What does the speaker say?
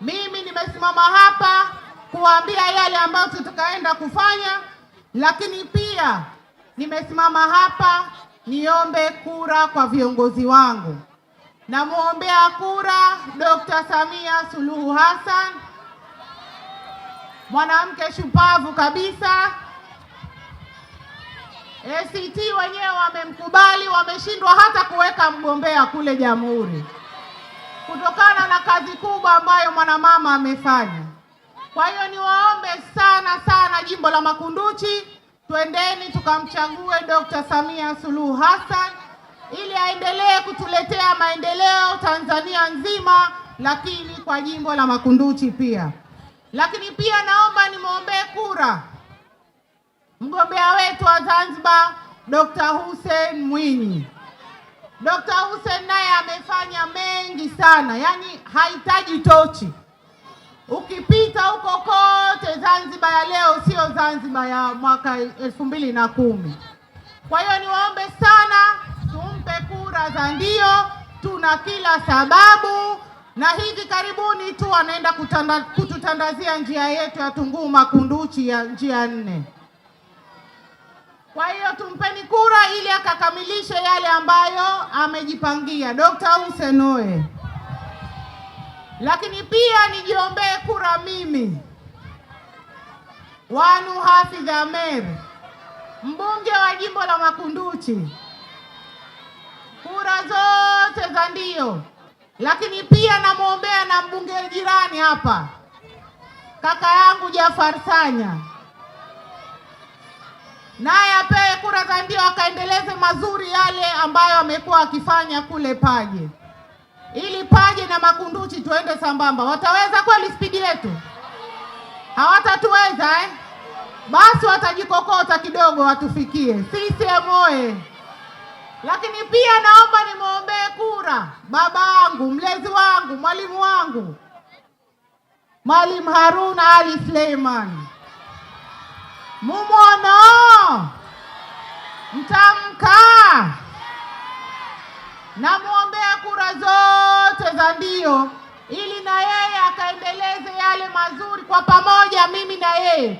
Mimi nimesimama hapa kuambia yale ambayo tutakaenda kufanya, lakini pia nimesimama hapa niombe kura kwa viongozi wangu. Namwombea kura Dr. Samia Suluhu Hassan, mwanamke shupavu kabisa. ACT wenyewe wamemkubali, wameshindwa hata kuweka mgombea kule Jamhuri kutokana na kazi kubwa ambayo mwanamama amefanya. Kwa hiyo niwaombe sana sana, jimbo la Makunduchi, twendeni tukamchague Dr. Samia Suluhu Hassan ili aendelee kutuletea maendeleo Tanzania nzima, lakini kwa jimbo la Makunduchi pia. Lakini pia naomba nimwombee kura mgombea wetu wa Zanzibar Dr. Hussein Mwinyi. Dr. Hussein naye amefanya mengi sana, yaani hahitaji tochi. Ukipita huko kote, Zanzibar ya leo sio Zanzibar ya mwaka elfu mbili na kumi. Kwa hiyo niwaombe sana, tumpe kura za ndio, tuna kila sababu, na hivi karibuni tu anaenda kutanda, kututandazia njia yetu ya Tunguma Makunduchi ya njia nne. Kwa hiyo tumpeni kura ili akakamilishe yale ambayo amejipangia. Dr. Hussein Oe lakini pia nijiombee kura mimi Wanu Hafidh Amer, mbunge wa jimbo la Makunduchi, kura zote za ndio. Lakini pia namwombea na mbunge jirani hapa, kaka yangu Jafar Sanya, naye apewe kura za ndio, akaendeleze mazuri yale ambayo amekuwa akifanya kule Paje ili Paje na Makunduchi tuende sambamba. Wataweza kweli spidi yetu? Hawatatuweza eh? Basi watajikokota kidogo watufikie. CCM oye! Eh. Lakini pia naomba nimwombee kura baba wangu, mlezi wangu, mwalimu wangu, Mwalimu Haruna Ali Suleiman. Mumwono mtamka, namwombea kura zote za ndio ili na yeye akaendeleze yale mazuri kwa pamoja, mimi na yeye